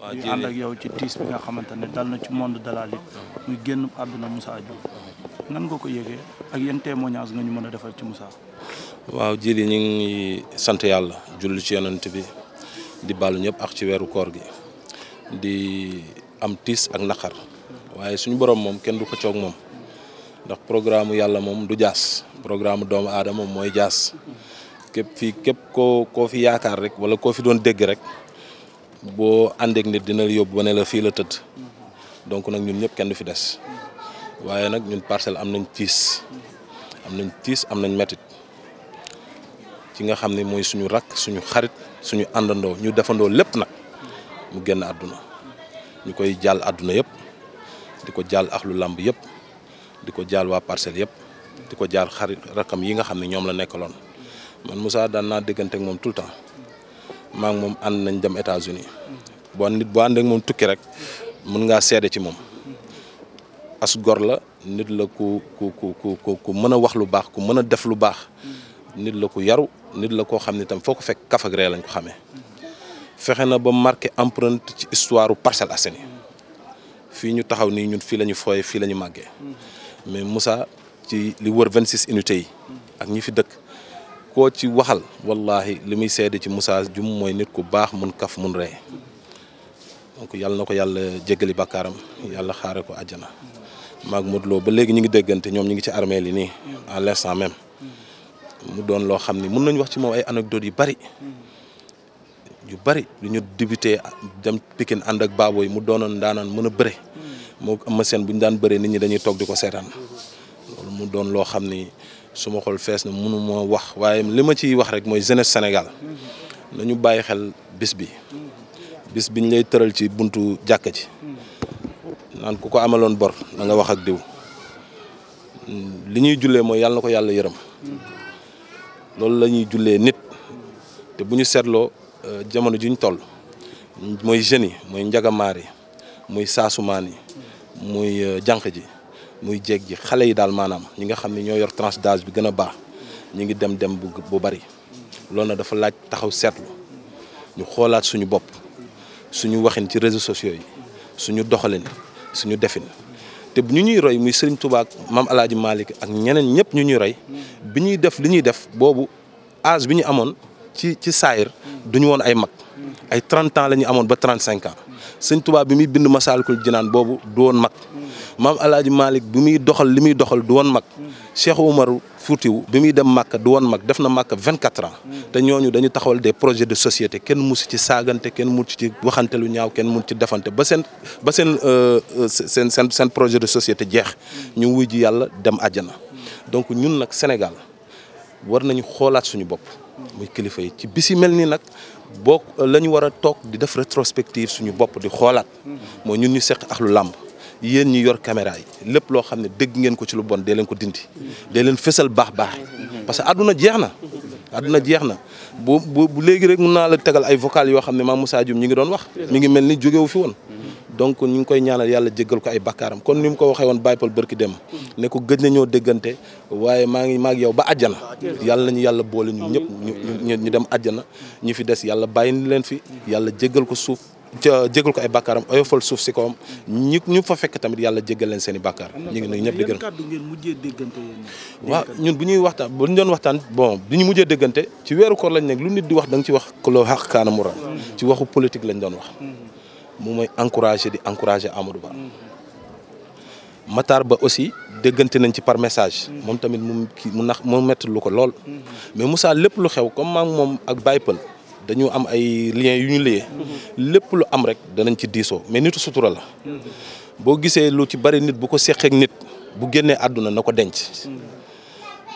ñu ànd ak yow ci tiis bi nga xamante ne dal na ci monde de la lutte génn àdduna Moussa Dioum nan nga ko yëgee ak yan témoignage nga ñu mën a defal ci Moussa. waaw jili ñu ngi sant yàlla julli ci yonent bi di balu ñëpp ax ci weeru koor gi di am tiis ak naqar waaye suñu borom moom kenn du ko coog moom ndax programme yàlla moom du jaas programme doomu moom mooy jaas képp fii képp koo koo fi yaakaar rek wala koo fi doon dégg rek boo àndeeg nit dina la yóbbu ba ne la fii la tëdd donc nag ñun ñëpp kenn du fi des waaye nag ñun parcelle am nañ tiis am nañ tiis am nañ metit ci nga xam ne mooy suñu rakk suñu xarit suñu àndandoo ñu defandoo lépp nag mu génn àdduna ñu koy jàll àdduna yëpp di ko jàll axlu làmb yëpp di ko jàll waa parcelle yëpp di ko jàll xarit rakkam yi nga xam ne ñoom la nekkaloon man Moussa daan naa déggante ak moom tout temps. maa moom ànd nañ dem États-Unis boo nit boo ànd ak moom tukki rek mun ngaa seede ci moom as gor la nit la ku ku ku ku ku mën a wax lu baax ku mën a def lu baax nit la ku yaru nit la koo xam ne tam foo ko fekk kaf ree lañ ko xamee fexe na ba marqué empreinte ci histoire Parcelles Assainies fii ñu taxaw nii ñun fii la ñu fooye fii la ñu màggee mais Moussa ci li wër 26 unité yi ak ñi fi dëkk koo ci waxal wallahi li muy seede ci Moussa Dioum mooy nit ku baax mun kaf mun rey donc yàlla na ko yàlla jéggali bàkkaaram yàlla xaare ko àjjana maag Modou Lo ba léegi ñu ngi déggante ñoom ñu ngi ci armée li nii à l'instant même mu doon loo xam ni mun nañu wax ci moom ay anecdotes yu bari yu bari lu ñu débuté dem Pikine ànd ak baabo yi mu doonoon daanaan mën a bëre moo am seen bu ñu daan bëree nit ñi dañuy toog di ko seetaan loolu mu doon loo xam ni su ma xol fees na mënu ma wax waaye li ma ciy wax rek mooy jeunesse Sénégal nañu bàyyi xel bis bi bis biñ lay tëral ci buntu jàkka ji naan ku ko ameloon bor na nga wax ak diw li ñuy jullee mooy yàlla ko yàlla yërëm loolu la ñuy jullee nit te bu ñu seetloo euh, jamono ji ñu toll mooy jeunes yi mooy njagamaar yi muy saasumaan yi muy euh, jànq ji muy jéeg ji xale yi daal maanaam ñi nga xam ne ñoo yor tranche bi gën a baax ñu ngi dem dem bu bu bari lool na dafa laaj taxaw seetlu ñu xoolaat suñu bopp suñu waxin ci réseaux sociaux yi suñu doxalin suñu defin te bu ñu ñuy roy muy Serigne tubaak ak maam El Hadj ak ñeneen ñëpp ñu ñuy roy bi ñuy def li ñuy def boobu âge bi ñu amoon ci ci saayir duñu woon ay mag ay 30 ans la ñu amoon ba 35 ans. sëñ Tuubaa bi muy bind Masaalikul Jinaan boobu du woon mag maam Alaaji Malick bi muy doxal li muy doxal du woon mag Cheikh Oumar Foutiou bi muy dem Màkka du woon mag def na Màkka vingt-quatre ans te ñu dañu taxawal de projets de société kenn musu ci saagante kenn musu ci waxante lu ñaaw kenn mun ci defante ba seen ba seen euh, euh, seen seen seen projet de société jeex ñu wuy ji yàlla dem àjjana donc ñun nag Sénégal war nañu xoolaat suñu bopp muy kilifa yi ci bis mel nii boo la ñu war a toog di def rétrospective suñu bopp di xoolaat mooy ñun ñu seq ak lu làmb yéen ñi yor camera yi lépp loo xam ne dégg ngeen ko ci lu bon dee leen ko dindi dee leen fësal baax baax parce que àdduna jeex na àdduna jeex na bu bu léegi rek mun naa la tegal ay vocal yoo xam ne maam Moussa Dioum ñi ngi doon wax mi ngi mel ni jógewu fi woon donc ñu ngi koy ñaanal yàlla jéggal ko ay bakkaaram kon ni mu ko waxee woon Baye Paul bërki dem ne ko gëj nañoo ñoo déggante waaye maa ngi maa ngi yow ba àjjana yàlla nañu yàlla boole ñu ñëpp ñu ñu dem àjjana ñu fi des yàlla bàyyi leen fi yàlla jéggal ko suuf ca jégal ko ay bàkkaaram oyofal suuf si koom ñi ñu fa fekk tamit yàlla jéggal leen seen i bàkkaar ñu ngi nuyu ñëpp di gërëm waaw ñun bu ñuy waxtaan bu ñu doon waxtaan bon bi ñu mujjee dëggante ci weeru koor lañ nekk lu nit di wax da nga ci wax loo xaq kaana mu mm-hmm. ci waxu politique lañ doon wax mm-hmm. mu mooy encouragé di encouragé Amadou Ba Matar Ba aussi dëggante nañ ci par message moom tamit mu kii mu nax mu métti lu ko lool mais Moussa lépp lu xew comme maam moom ak Baye Pël dañu am ay liens yu ñu liyee lépp lu am rek danañ ci diisoo mais nitu sutura la mm-hmm. boo gisee lu ci bari nit bu ko seqeek nit bu génnee àdduna na ko denc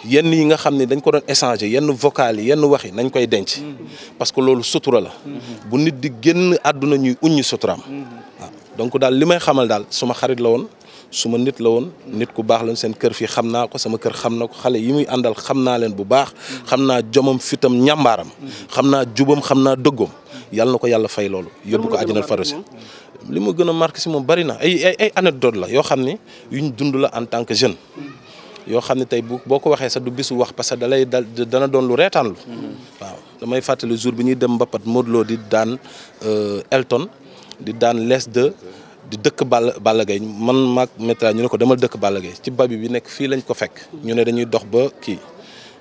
yenn yi nga xam ne dañ ko doon échanger yenn vocal yi yenn wax yi nañ koy denc mm-hmm. parce que loolu sutura la mm-hmm. bu nit di génn àdduna ñuy uññi suturaam mm-hmm. donc daal li may xamal daal suma xarit la woon suma nit la woon nit ku baax lañ seen kër fii xam naa ko sama kër xam na ko xale yi muy àndal xam naa leen bu baax xam naa jomam fitam ñàmbaaram xam naa jubam xam naa dëggoom yàlla na ko yàlla fay loolu yóbbu ko àjjana farosi li ma gën a marqué si moom bari na ay ay ay anecdote la yoo xam ne yuñ dund la en tant que jeune yoo xam ne tey bu boo ko waxee sax du bisu wax parce que da dal dana doon lu reetaanlu. Mm-hmm. waaw damay fàttali jour bi ñuy dem mbapat Modou Lo di daan euh, Elton di daan les de di dëkk Balla Balla Gaye man maag météo ñu ne ko demal dëkk Balla Gaye ci babi bi nekk fii lañ ko fekk. ñu ne dañuy dox ba kii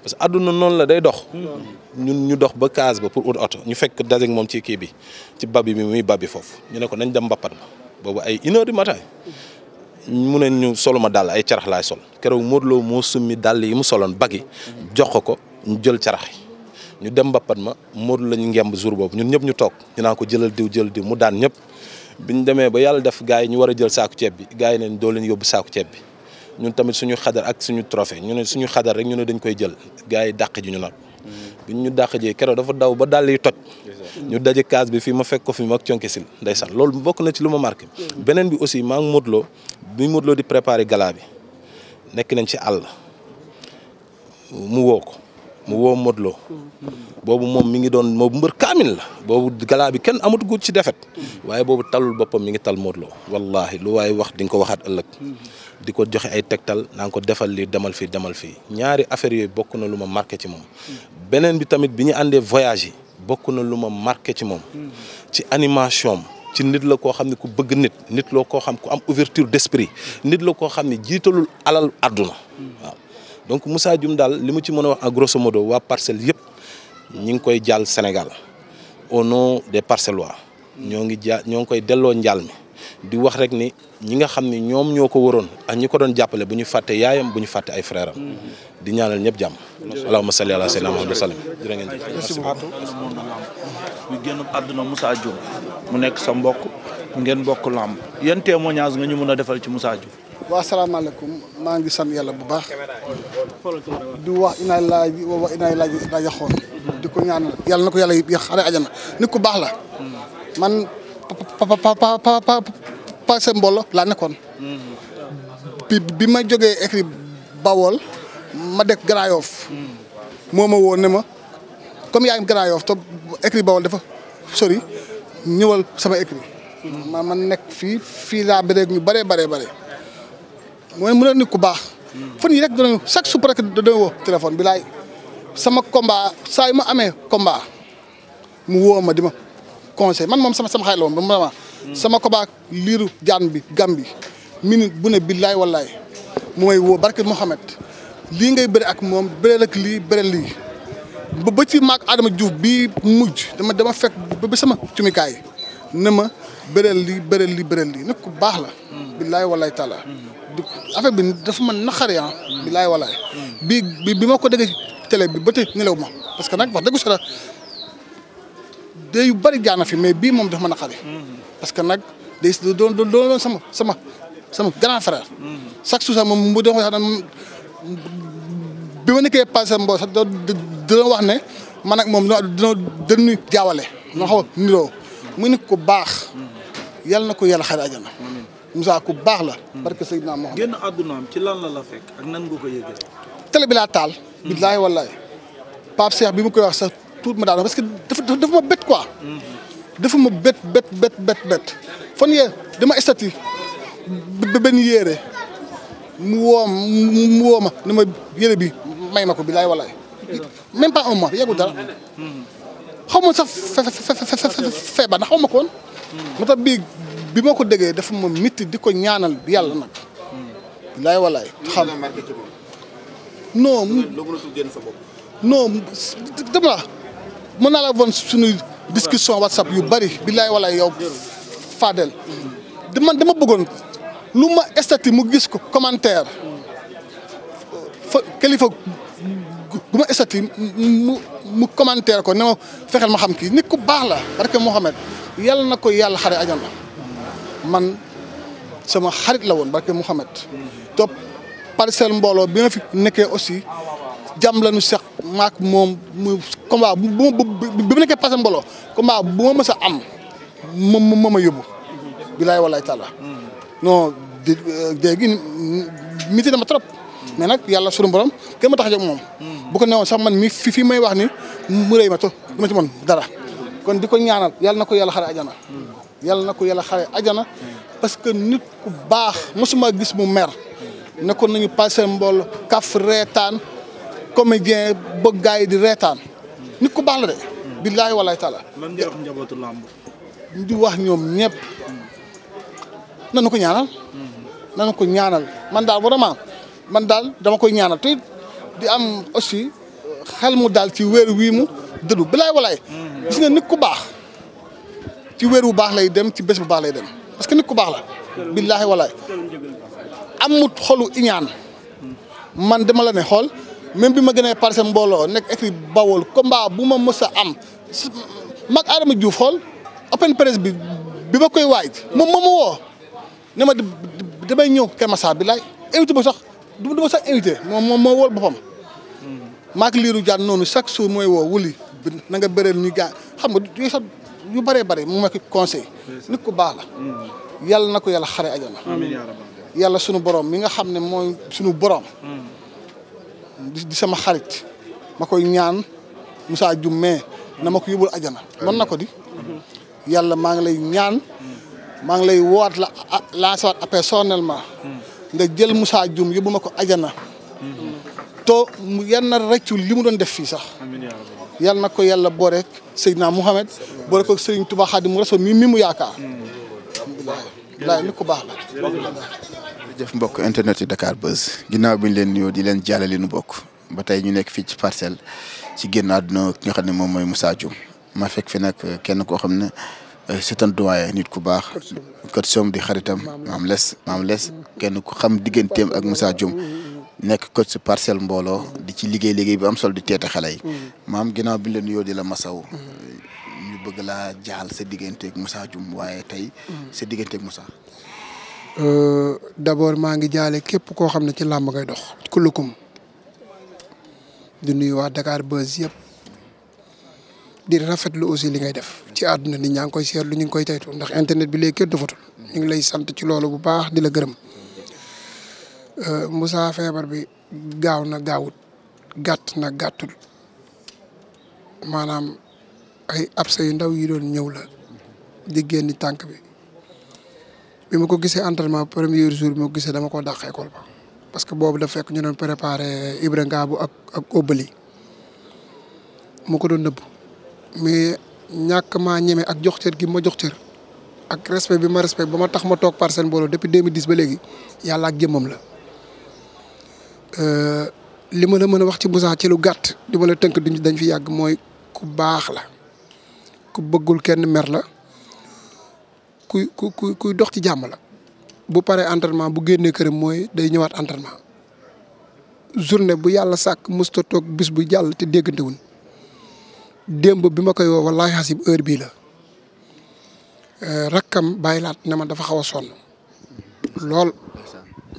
parce que àdduna noonu la day dox. Mm-hmm. ñun ñu dox ba case ba pour ut oto ñu fekk dajeeg moom ci kii bi ci babi bi muy babi foofu ñu ne ko nañ dem mbappat ba boobu ay une heure du mu ne ñu soluma dàll ay carax laay sol keroog Modou Lo moo summi dàll yi mu soloon bagi jox ko ko ñu jël carax yi ñu dem mbappat ma Modou lañu ngemb jour boobu ñun ñëpp ñu toog ñu ko jëlal diw jël diw mu daan ñëpp biñ demee ba yàlla def gars yi ñu war a jël saaku ceeb bi gars yi ne doo leen yóbbu saaku ceeb bi ñun tamit suñu xadar ak suñu trophée ñu ne suñu xadar rek ñu ne dañ koy jël gars yi dàq ji ñu nag biñ ñu dàq jee keroog dafa daw ba dàll yi toj ñu daje case bi fii ma fekk ko fi mag conke sil ndeysaan loolu mbokk na ci lu ma marqué mm. beneen bi aussi maa ngi Modou bi Modou di préparer galaa bi nekk nañ ci àll mu woo ko mu woo Modou boobu moom mi ngi doon moom mbër kaamil la boobu galaa bi kenn amatu gudd ci defet waaye boobu talul boppam mi ngi tal Modou Lo wallahi lu waaye wax di nga ko waxaat ëllëg di ko joxe ay tegtal naa ko defal li demal fii demal fii ñaari affaire yooyu bokk na lu ma marqué ci moom beneen bi tamit bi ñu àndee voyage yi bokk na lu ma marqué ci moom ci animation ci nit la koo xam ne ku bëgg nit nit la koo xam ku am ouverture d'esprit nit la koo xam ne jiitalul alal àdduna waaw donc Moussa Dioum daal li mu ci mën a wax en grosso modo waa parcelles yëpp ñi ngi koy jàll Sénégal au nom des parcellois ñoo ngi ja ñoo ngi koy delloo njaal mi di wax rek ni ñi nga xam ne ñoom ñoo ko waroon ak ñi ko doon jàppale bu ñu fàtte yaayam bu ñu fàtte ay frère am di ñaanal ñëpp jàmm. allahumma salli ala sayyidina Muhammad wa sallam jërë ngeen jëf. merci beaucoup ñu génn àdduna Moussa Dioum mu nekk sa mbokk ngeen bokk làmb yan témoignage nga ñu mën a defal ci Moussa Diouf. waa salaamaaleykum maa ngi sant yàlla bu baax di wax inaa laaj wa inaa laaj yaxoon di ko ñaanal yàlla na ko yàlla yi xare ajana nit ku baax la man passé mboolo laa nekkoon bi ma jogee écrit Bawol ma dëkk Grand Yoff moo ma woon ne ma comme yaa ngi Grand Yoff écrit Bawol dafa sori ñëwal sama écrit ma man nekk fii fii laa bëreeg ñu bëree bëree bëri mooy mënoon nit ku baax. fan yi rek danañu chaque suba rek danañu téléphone bi laay sama combat saa yu ma amee combat mu woo ma di ma conseil man moom sama sama xay la woon ba sama combat liiru jaan bi gam bi minute bu ne billaay wallaay mu may woo barke Mouhamed lii ngay bëri ak moom bëri ak lii bëri lii. ba ba ci maag Adama Diouf bii mujj dama dama fekk ba sama cumikaay ne ma bëreel li bëreel li bëreel li nag ku baax la. billaay walaay taala. du affaire bi dafa ma naqari ah. billaay walaay. bi bi bi ma ko déggee télé bi ba tey nelaw ma parce que nag wax dëgg sa day yu bëri jaana fi mais bii moom dafa ma naqari. parce que nag day doon doon doon sama sama sama grand frère. chaque jour sax moom bi ma nekkee passé mbo dina wax ne man ak moom dina dënnu jaawale. noo xaw a niroo mu nit ku baax. yàlla na ko yàlla xare ajana. Moussa ku baax la. parce que Seydina Mohamed. génn àddunaam ci lan la la fekk ak nan nga ko bi laa taal. billaahi wallaahi Pape Cheikh bi mu koy wax sax tuut ma daal parce que dafa dafa ma bett quoi. dafa ma bett bett bett bett bett fan yee dama estati ba yére mu woo mu woo ma ni ma yére bi may ma ko billaahi wallaahi. même pas un mois yegul dara. xaw ma sax feebar ndax xaw ma ko woon. moo tax bii bi ma ko déggee dafa ma mitti di ko ñaanal yàlla nag. bilaay walaay. xam non. non dama la mën naa la woon suñuy discussion whatsapp yu bëri bilaay walaay yow Fadel. man dama bëggoon lu ma estati mu gis ko commentaire fa kilifa. bu ma estati mu mu commentaire ko ne ma fexeel ma xam kii nekk ku baax la barke Mouhamed yal na ko yàlla xare ajana man sama xarit la woon barke Mouhamed topp parcelle mbooloo bi ma fi nekkee aussi jàmm la ñu maak moom mu combat bu ma bi ma nekkee parcelle mbooloo combat bu ma mës a am moom moom moo ma yóbbu. bilaay walaay taala mm. non di dégg nit dama trop. mais nag yàlla sunu borom kenn ma tax jóg moom. bu ko newoon sax man mi fii fi may wax ni mu rëy ma to du ma ci dara. kon di ko ñaanal yàlla na ko yàlla xare ajana. yàlla na ko yàlla xare ajana. parce que nit ku baax mosuma gis mu mer. nekkoon nañu passé mbool kaf reetaan comédien bëgg gars yi di reetaan. nit ku baax la de. billaahi walaay taala. lan wax njabootu làmb di wax ñoom ñëpp. nanu ko ñaanal. nanu ko ñaanal man daal vraiment. man daal dama koy ñaana te di am aussi euh, xel mu daal ci weer wii mu dëddu bilaay walaay gis nga nit ku baax ci weer wu baax lay dem ci bés bu baax lay dem parce que nit ku baax la billaahi walaay amut xolu iñaan man dama la ne xool même bi ma gënee parce que mbooloo nekk écrit bawol combat bu ma mës a am mag Adama Diouf xool open presse bi bi ma koy waay moom ma woo ne ma damay ñëw Keur Massar bi laay évité ba sax du ma sax invité moom moom moo wol boppam. Hmm. maak liiru jaan noonu chaque jour mooy woo wuli nanga nga bëreel ñu gaa xam nga yooyu sax yu bëree bëri mu nekk conseil. nit ku baax la. Hmm. yàlla na ko yàlla xare ajana. yàlla sunu borom mi nga xam ne mooy sunu borom. Hmm. di sama xarit ma koy ñaan Moussa Dioum mais na ma ko yóbbul ajana mën na ko di. yàlla maa ngi lay ñaan. maa ngi lay woowaat la ah, lancer waat personnellement. nga jël Moussa Dioum yóbbu ma ko ajana to yal na rëccu li mu doon def fii sax yal na ko yàlla boole ak Seydina Mouhamed boole ko Serigne Touba Xaadimu Rasuul mi mi mu yaakaar laay nit ku baax la jërëjëf mbokk internet yi Dakar Buzz ginnaaw bi ñu leen nuyoo di leen jàllale li nu bokk ba tey ñu nekk fii ci parcelle ci génn àdduna ki nga xam ne moom mooy Moussa Dioum ma fekk fi nag kenn koo xam ne Euh, c'est un doyen nit ku baax kat soom di xaritam maam les maam les kenn ku xam digganteem ak Moussa Dioum nekk coach si parcelle mbooloo di ci liggéey liggéey bi am solo di teete xale maam ginnaaw bi leen yoo di la masaw ñu bëgg laa jaal sa digganteeg Moussa Dioum waaye tey sa digganteeg Moussa euh, d'abord maa ngi jaale képp koo xam ne ci làmb ngay dox kullukum di nuyu waa Dakar Buzz yëpp di rafetlu aussi li ngay def ci àdduna nit ñaa ngi koy seetlu ñu ngi koy taytu ndax internet bi léegi kenn dafatul ñu ngi lay sant ci loolu bu baax di la gërëm euh, Moussa feebar bi gaaw na gaawut gàtt na gàttul maanaam ay abse yu ndaw yi doon ñëw la di génn tànk bi bi mu ko gisee entraînement premier jour bi ma ko gisee dama ko dàq école ba parce que boobu dafa fekk ñu doon préparé Ibra Ngabou ak ak Obali mu ko doon nëbb mais ñàkk maa ñeme ak jox cër gi ma jox cër ak respect bi ma respect ba ma tax ma toog Parcelles Mbooloo depuis 2010 ba léegi yàlla ak jëmmam la. Euh, li ma la mën a wax ci Moussa ci lu gàtt di ma la tënk duñ dañ fi yàgg mooy ku baax la ku bëggul kenn mer la kuy ku ku kuy dox ci jàmm la. bu paree entraînement bu génnee këram mooy day ñëwaat entraînement journée bu yàlla sàkk musta toog bis bu jàll te déggante démb bi ma koy woo wallaahi xasib heure bi la eh, rakkam bàyyi laat ne ma dafa xaw a sonn lool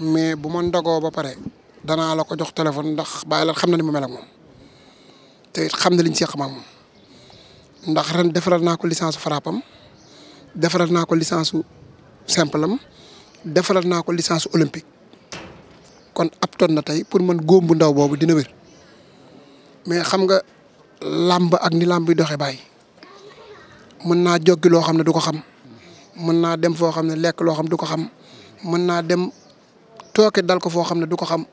mais bu ma ndagoo ba pare danaa la ko jox téléphone ndax bàyyi xam na ni mu mel ak moom te xam na liñ seq ma ndax ren defaral naa ko lissance frappam defaral naa ko lissance su simple am naa ko licence olympique kon ab na tey pour man góom bu ndaw boobu dina wér mais xam nga làmb ak ni làmb yi doxee bàyyi mën naa joggi loo xam ne du ko xam mën naa dem foo xam ne lekk loo xam du ko xam mën naa dem tooke dal ko foo xam ne du ko xam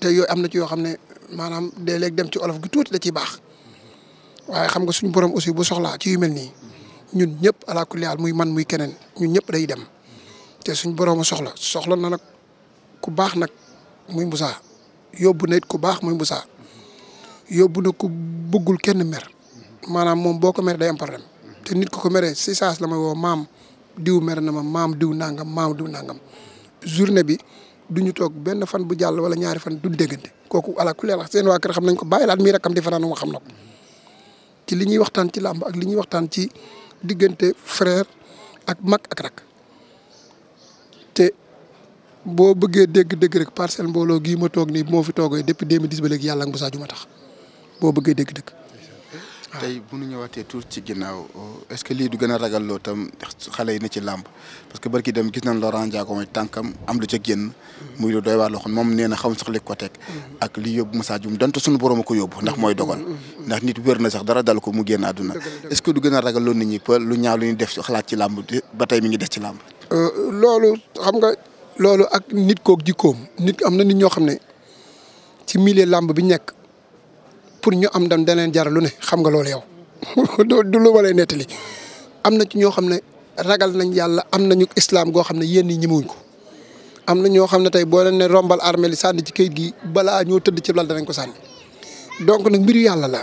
te yooyu am na ci yoo xam ne maanaam de léeg dem ci olof gi tuuti da ciy baax waaye xam nga suñ borom aussi bu soxlaa ci yu mel nii ñun ñëpp ala kulli muy man muy keneen ñun ñëpp day dem te suñ borom a soxla soxla na nag ku baax nag muy Moussa yóbbu na ku baax muy Moussa. yóbbu na ko bëggul kenn mer maanaam moom boo ko meree day am problème te nit ku ko meree si saas la may woo maam diw mer na ma maam diw nangam maam diw nangam journée bi du ñu toog benn fan bu jàll wala ñaari fan du déggante kooku ala kulli àll seen waa xam nañ ko bàyyi laat mii rakam di fanaan moo na ko ci li ñuy waxtaan ci làmb ak li ñuy waxtaan ci diggante frère ak mag ak te boo bëggee dégg-dégg rek parcelle mbooloo gii ma toog nii moo fi toogee depuis 2010 ba léegi yàlla ak bu saaju ma tax. boo bëggee dégg-dëgg. tey bu ñu ñëwaatee tuur ci ginnaaw est-ce que lii du gën a ragal loo tam xale yi ne ci làmb parce que barki dem gis nañ Laurent Ndiago mooy tànkam am lu ca génn. muy lu doy waar loo xam moom nee na xaw sax li ko teg. ak li yóbbu Moussa a a loolu nit euh, kook jikkoom nit am na nit ñoo xam ne ci milieu làmb bi nekk pour ñu am ndam daneen jar lu ne xam nga loolu yow du lu ma lay nettali am na ci ñoo xam ne ragal nañ yàlla am nañu islam goo xam ne yéen ñi ñemewuñ ko am na ñoo xam ne tey boo leen ne rombal armée li sànni ci kayit gi balaa ñoo tëdd ci lal danañ ko sànni donc nag mbiru yàlla la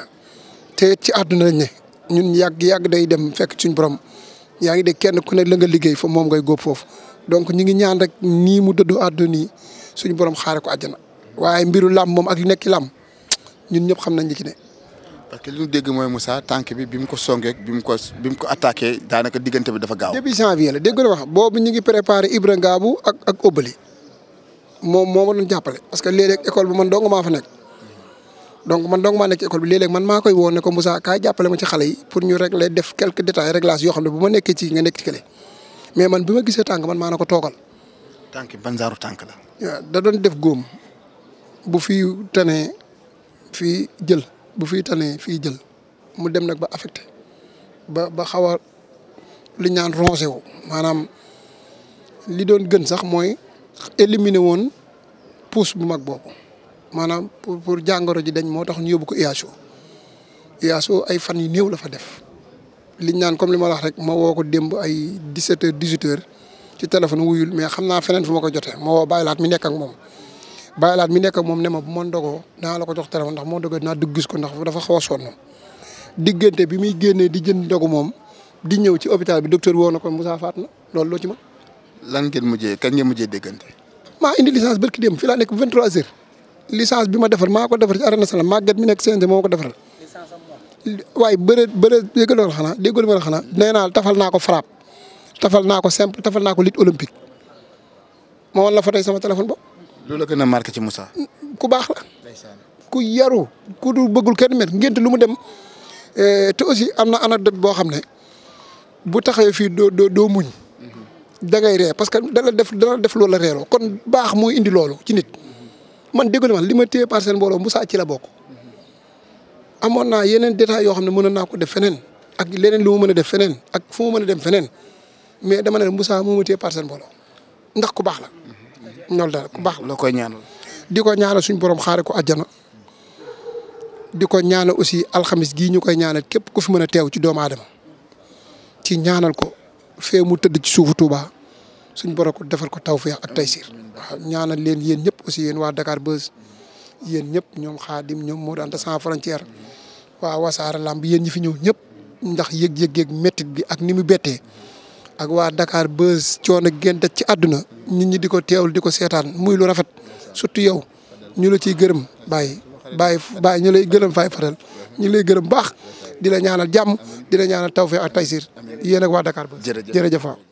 te ci àdduna lañ ne ñun yàgg yàgg day dem fekk suñ borom yaa ngi dégg kenn ku ne la nga liggéey fa moom ngay góob foofu donc ñu ngi ñaan rek nii mu dëddu àdduna yi suñu borom xaare ko àjjana waaye mbiru làmb moom ak li nekk ci làmb ñun ñëpp xam nañ li ci ne. parce que li ñu dégg mooy Moussa tànk bi bi mu ko songee bi mu ko bi mu ko attaqué daanaka diggante bi dafa gaaw. début janvier dégg nga wax boobu ñu ngi préparé Ibra Ngaabu ak ak Obali moom moo ma doon jàppale parce que léeg école man dong maa fa nekk donc man dong maa nekk école bi man maa koy woo ne ko Moussa kaay jàppale ma ci xale yi pour ñu régler def quelques détails réglage yoo xam ne bu ma nekkee ci nga nekk ci kële mais man bi ma gisee tànk man maa na ko toogal. tànk ban zaaru tànk la. da doon def goom bu fi tane fii jël bu fi tanee fii jël mu dem nag ba affecté ba ba xaw a li ñaan rongé wu maanaam li doon gën sax mooy éliminer woon pousse bu mag boobu maanaam pour pour jàngoro ji dañ moo tax ñu yóbbu ko IHO IHO ay fan yu néew la fa def liñ naan comme li ma wax rek ma woo ko démb ay 17 heures 18 heures ci téléphone wuyul mais xam naa feneen fu ma ko jotee moo woo laat mi nekk ak moom bàyyi laat mi nekk moom ne ma bu ma naa la ko jox téléphone ndax moo dogoo naa dugg gis ko ndax dafa xaw a sonn diggante bi muy génnee di jën ndogu moom di ñëw ci hôpital bi docteur woo na ko Moussa faat na loolu loo ci mën. lan ngeen mujjee kañ ngeen mujjee déggante. maa indi licence barki fii laa nekk 23h licence bi ma defar maa ko defar ci arène nationale màgget mi nekk CNG moo ko defaral. waaye bëre bëre dégg loolu xanaa déggal ma xanaa nee naa tafal naa ko frappe tafal naa ko simple tafal naa ko lutte olympique ma wan la fa tey sama téléphone bopp. lu la gën a marqué ci Moussa. ku baax la. ku yaru ku du bëggul kenn mer ngént lu mu dem eh, te aussi am na anecdote boo xam ne bu taxawee fii doo doo doo muñ. Mhm. da ngay ree parce que dana def dana def loolu la reeloo kon baax mooy indi loolu ci nit. Mhm. man déglu ma li ma téye par seen mbooloo Moussa ci la bokk. Mhm. amoon naa yeneen détails yoo xam ne mënoon naa ko def feneen ak leneen lu mu mën a def feneen ak fu mu mën a dem feneen mais dama ne Moussa moo ma téye par seen mbooloo ndax ku baax la. loolu daal ku la koy ñaanal. di ko ñaanal suñ borom xaare ko àjjana di ko ñaanal aussi alxamis gii ñu koy ñaanal képp ku fi mën a teew ci doomu aadama ci ñaanal ko fee mu tëdd ci suufu tuuba suñ borom ko defal ko taw fi ak taysiir. waaw ñaanal leen yéen ñëpp aussi yéen waa Dakar Buzz yéen ñëpp ñoom xaadim ñoom Modou Anta sans frontière waa Wassare Lamb yéen ñi fi ñëw ñëpp ndax yëg-yëg mettit méttit bi ak ni mu bettee. ak waa Dakar Buzz coono gente ci àdduna nit ñi di ko teewul di ko seetaan muy lu rafet surtout yow ñu la ciy gërëm bàyyi bàyyi bàyyi ñu lay gërëm faay faral ñu lay gërëm baax di la ñaanal jàmm di la ñaanal tawfeex ak taysir yéen ak waa Dakar Buzz jërëjëf